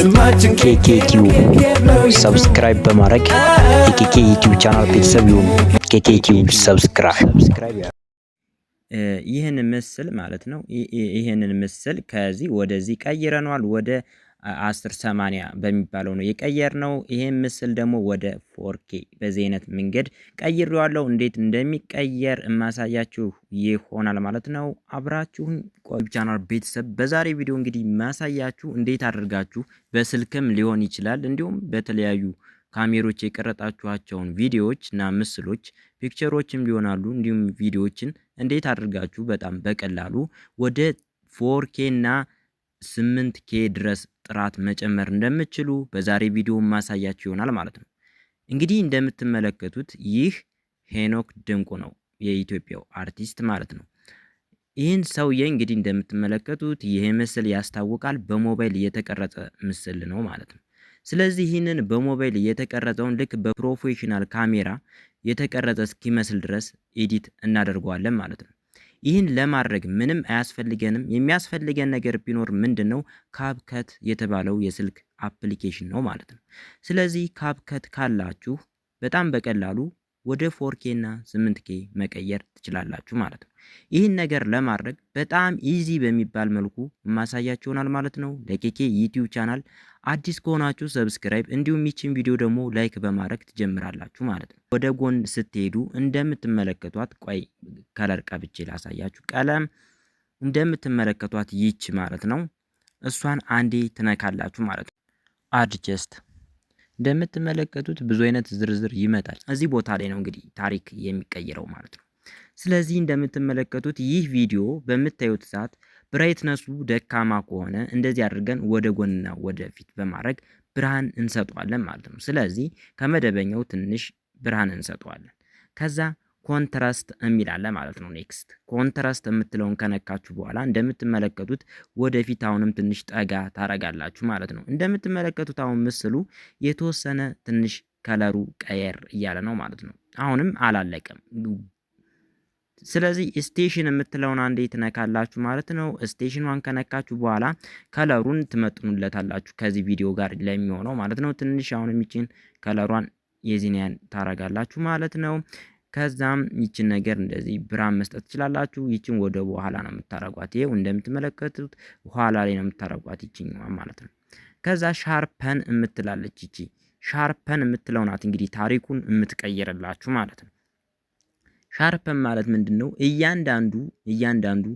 ስማችን ኬኬ ቲዩ ሰብስክራይብ በማድረግ የኬኬ ዩቲዩብ ቻናል ቤተሰብ ይሁኑ። ኬኬ ቲዩ ሰብስክራይብ። ይህን ምስል ማለት ነው። ይህንን ምስል ከዚህ ወደዚህ ቀይረነዋል ወደ አስር ሰማንያ በሚባለው ነው ነው። ይሄን ምስል ደግሞ ወደ ፎርኬ በዚህ አይነት መንገድ ቀይሬዋለሁ። እንዴት እንደሚቀየር የማሳያችሁ ይሆናል ማለት ነው። አብራችሁን ቆዩ ቻናል ቤተሰብ። በዛሬ ቪዲዮ እንግዲህ ማሳያችሁ እንዴት አድርጋችሁ በስልክም ሊሆን ይችላል እንዲሁም በተለያዩ ካሜሮች የቀረጣችኋቸውን ቪዲዮዎች እና ምስሎች ፒክቸሮችም ሊሆናሉ እንዲሁም ቪዲዮዎችን እንዴት አድርጋችሁ በጣም በቀላሉ ወደ ፎርኬ እና ስምንት ኬ ድረስ ጥራት መጨመር እንደምችሉ በዛሬ ቪዲዮ ማሳያችሁ ይሆናል ማለት ነው። እንግዲህ እንደምትመለከቱት ይህ ሄኖክ ድንቁ ነው፣ የኢትዮጵያው አርቲስት ማለት ነው። ይህን ሰውዬ እንግዲህ እንደምትመለከቱት ይህ ምስል ያስታውቃል፣ በሞባይል የተቀረጸ ምስል ነው ማለት ነው። ስለዚህ ይህንን በሞባይል የተቀረጸውን ልክ በፕሮፌሽናል ካሜራ የተቀረጸ እስኪመስል ድረስ ኤዲት እናደርገዋለን ማለት ነው። ይህን ለማድረግ ምንም አያስፈልገንም። የሚያስፈልገን ነገር ቢኖር ምንድን ነው? ካብከት የተባለው የስልክ አፕሊኬሽን ነው ማለት ነው። ስለዚህ ካብከት ካላችሁ በጣም በቀላሉ ወደ ፎርኬ እና ስምንት ኬ መቀየር ትችላላችሁ ማለት ነው። ይህን ነገር ለማድረግ በጣም ኢዚ በሚባል መልኩ የማሳያችሁናል ማለት ነው። ለኬኬ ዩቲዩብ ቻናል አዲስ ከሆናችሁ ሰብስክራይብ፣ እንዲሁም ይችን ቪዲዮ ደግሞ ላይክ በማድረግ ትጀምራላችሁ ማለት ነው። ወደ ጎን ስትሄዱ እንደምትመለከቷት ቆይ ከለር ቀብቼ ላሳያችሁ። ቀለም እንደምትመለከቷት ይች ማለት ነው። እሷን አንዴ ትነካላችሁ ማለት ነው። አድጀስት እንደምትመለከቱት ብዙ አይነት ዝርዝር ይመጣል። እዚህ ቦታ ላይ ነው እንግዲህ ታሪክ የሚቀይረው ማለት ነው። ስለዚህ እንደምትመለከቱት ይህ ቪዲዮ በምታዩት ሰዓት ብራይትነሱ ደካማ ከሆነ እንደዚህ አድርገን ወደ ጎንና ወደፊት በማድረግ ብርሃን እንሰጠዋለን ማለት ነው። ስለዚህ ከመደበኛው ትንሽ ብርሃን እንሰጠዋለን ከዛ ኮንትራስት የሚል አለ ማለት ነው። ኔክስት ኮንትራስት የምትለውን ከነካችሁ በኋላ እንደምትመለከቱት ወደፊት አሁንም ትንሽ ጠጋ ታረጋላችሁ ማለት ነው። እንደምትመለከቱት አሁን ምስሉ የተወሰነ ትንሽ ከለሩ ቀየር እያለ ነው ማለት ነው። አሁንም አላለቀም። ስለዚህ ስቴሽን የምትለውን አንዴ ትነካላችሁ ማለት ነው። ስቴሽኗን ከነካችሁ በኋላ ከለሩን ትመጥኑለታላችሁ ከዚህ ቪዲዮ ጋር ለሚሆነው ማለት ነው። ትንሽ አሁን የሚችን ከለሯን የዚህን ያን ታረጋላችሁ ማለት ነው። ከዛም ይችን ነገር እንደዚህ ብርሃን መስጠት ትችላላችሁ። ይችን ወደ በኋላ ነው የምታረጓት። ይሄው እንደምትመለከቱት ኋላ ላይ ነው የምታረጓት ይችኛ ማለት ነው። ከዛ ሻርፐን የምትላለች ይቺ ሻርፐን የምትለው ናት እንግዲህ ታሪኩን የምትቀይርላችሁ ማለት ነው። ሻርፐን ማለት ምንድን ነው? እያንዳንዱ እያንዳንዱ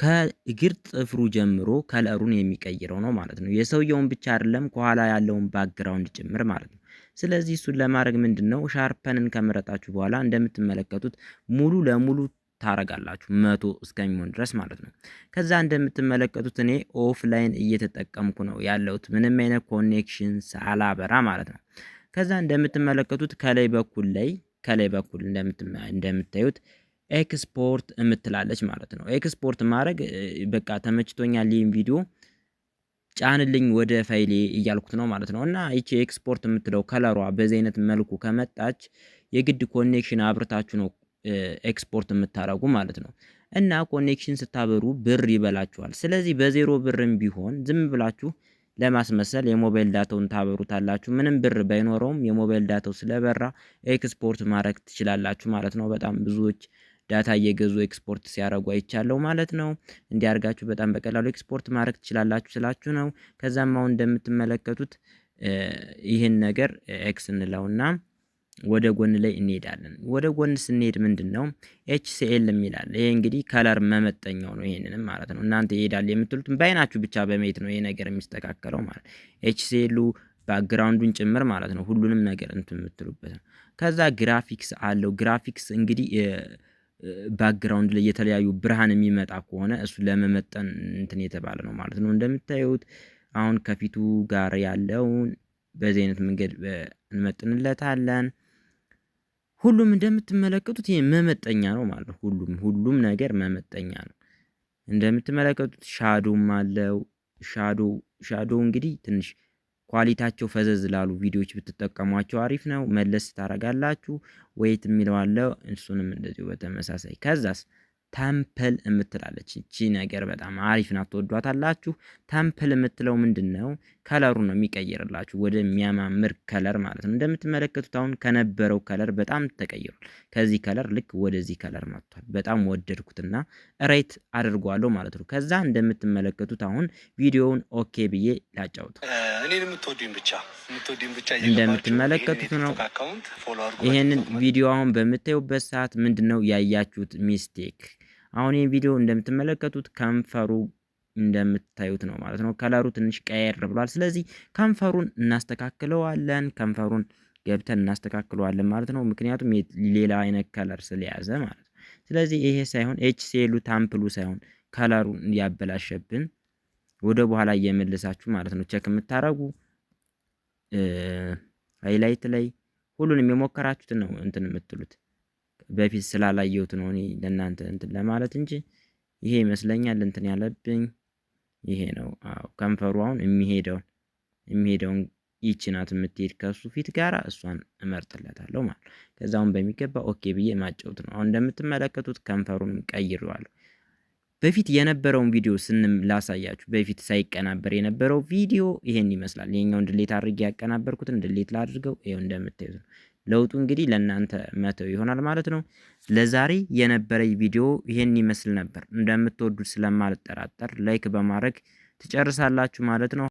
ከእግር ጥፍሩ ጀምሮ ከለሩን የሚቀይረው ነው ማለት ነው። የሰውየውን ብቻ አይደለም ከኋላ ያለውን ባክግራውንድ ጭምር ማለት ነው። ስለዚህ እሱን ለማድረግ ምንድን ነው ሻርፐንን ከመረጣችሁ በኋላ እንደምትመለከቱት ሙሉ ለሙሉ ታረጋላችሁ መቶ እስከሚሆን ድረስ ማለት ነው። ከዛ እንደምትመለከቱት እኔ ኦፍላይን እየተጠቀምኩ ነው ያለሁት ምንም አይነት ኮኔክሽን ሳላበራ ማለት ነው። ከዛ እንደምትመለከቱት ከላይ በኩል ላይ ከላይ በኩል እንደምታዩት ኤክስፖርት የምትላለች ማለት ነው። ኤክስፖርት ማድረግ በቃ ተመችቶኛል ይህን ቪዲዮ ጫንልኝ ወደ ፋይሌ እያልኩት ነው ማለት ነው። እና ይቺ ኤክስፖርት የምትለው ከለሯ በዚህ አይነት መልኩ ከመጣች የግድ ኮኔክሽን አብርታችሁ ነው ኤክስፖርት የምታደርጉ ማለት ነው። እና ኮኔክሽን ስታበሩ ብር ይበላችኋል። ስለዚህ በዜሮ ብርም ቢሆን ዝም ብላችሁ ለማስመሰል የሞባይል ዳታውን ታበሩታላችሁ። ምንም ብር ባይኖረውም የሞባይል ዳታው ስለበራ ኤክስፖርት ማድረግ ትችላላችሁ ማለት ነው። በጣም ብዙዎች ዳታ እየገዙ ኤክስፖርት ሲያደርጉ አይቻለው ማለት ነው። እንዲያርጋችሁ በጣም በቀላሉ ኤክስፖርት ማድረግ ትችላላችሁ ስላችሁ ነው። ከዛም አሁን እንደምትመለከቱት ይህን ነገር ኤክስ እንለውና ወደ ጎን ላይ እንሄዳለን። ወደ ጎን ስንሄድ ምንድን ነው ኤችሲኤል የሚላል ይሄ እንግዲህ ከለር መመጠኛው ነው። ይሄንንም ማለት ነው እናንተ ይሄዳል የምትሉትም በአይናችሁ ብቻ በመሄድ ነው ይሄ ነገር የሚስተካከለው ማለት ኤችሲኤሉ ባክግራውንዱን ጭምር ማለት ነው። ሁሉንም ነገር እንትን የምትሉበት ነው። ከዛ ግራፊክስ አለው ግራፊክስ እንግዲህ ባክግራውንድ ላይ የተለያዩ ብርሃን የሚመጣ ከሆነ እሱ ለመመጠን እንትን የተባለ ነው ማለት ነው። እንደምታዩት አሁን ከፊቱ ጋር ያለውን በዚህ አይነት መንገድ እንመጥንለታለን። ሁሉም እንደምትመለከቱት ይሄ መመጠኛ ነው ማለት ነው። ሁሉም ሁሉም ነገር መመጠኛ ነው። እንደምትመለከቱት ሻዶም አለው። ሻዶ ሻዶ እንግዲህ ትንሽ ኳሊታቸው ፈዘዝ ላሉ ቪዲዮዎች ብትጠቀሟቸው አሪፍ ነው። መለስ ታረጋላችሁ። ወይት የሚለው አለው እሱንም እንደዚሁ በተመሳሳይ ከዛስ ተምፕል የምትላለች እቺ ነገር በጣም አሪፍ ናት፣ ትወዷታላችሁ። ተምፕል የምትለው ምንድን ነው? ከለሩን ነው የሚቀይርላችሁ የሚያማምር ከለር ማለት ነው። እንደምትመለከቱት አሁን ከነበረው ከለር በጣም ተቀይሯል። ከዚህ ከለር ልክ ወደዚህ ከለር መጥቷል። በጣም ወደድኩትና ሬት አድርጓለሁ ማለት ነው። ከዛ እንደምትመለከቱት አሁን ቪዲዮውን ኦኬ ብዬ ላጫውተው። እንደምትመለከቱት ነው ይሄንን ቪዲዮ አሁን በምታዩበት ሰዓት ምንድን ነው ያያችሁት ሚስቴክ? አሁን ይህን ቪዲዮ እንደምትመለከቱት ከንፈሩ እንደምታዩት ነው ማለት ነው። ከለሩ ትንሽ ቀየር ብሏል። ስለዚህ ከንፈሩን እናስተካክለዋለን። ከንፈሩን ገብተን እናስተካክለዋለን ማለት ነው። ምክንያቱም ሌላ አይነት ከለር ስለያዘ ማለት ነው። ስለዚህ ይሄ ሳይሆን ኤች ሴሉ ታምፕሉ ሳይሆን ከለሩ እንዲያበላሸብን ወደ በኋላ እየመለሳችሁ ማለት ነው ቼክ የምታረጉ ሃይላይት ላይ ሁሉንም የሞከራችሁትን ነው እንትን የምትሉት። በፊት ስላላየሁት ነው እኔ ለእናንተ እንትን ለማለት እንጂ ይሄ ይመስለኛል እንትን ያለብኝ ይሄ ነው። አዎ ከንፈሩ አሁን የሚሄደውን የሚሄደውን ይቺ ናት የምትሄድ ከሱ ፊት ጋራ እሷን እመርጥለታለሁ ማለት ነው። ከዛ አሁን በሚገባ ኦኬ ብዬ ማጨውት ነው። አሁን እንደምትመለከቱት ከንፈሩን ቀይሬዋለሁ። በፊት የነበረውን ቪዲዮ ስንም ላሳያችሁ። በፊት ሳይቀናበር የነበረው ቪዲዮ ይሄን ይመስላል። ይሄኛው ድሌት አድርጌ ያቀናበርኩትን ድሌት ላድርገው። ይኸው እንደምታዩት ነው። ለውጡ እንግዲህ ለእናንተ መተው ይሆናል ማለት ነው። ለዛሬ የነበረኝ ቪዲዮ ይህን ይመስል ነበር። እንደምትወዱት ስለማልጠራጠር ላይክ በማድረግ ትጨርሳላችሁ ማለት ነው።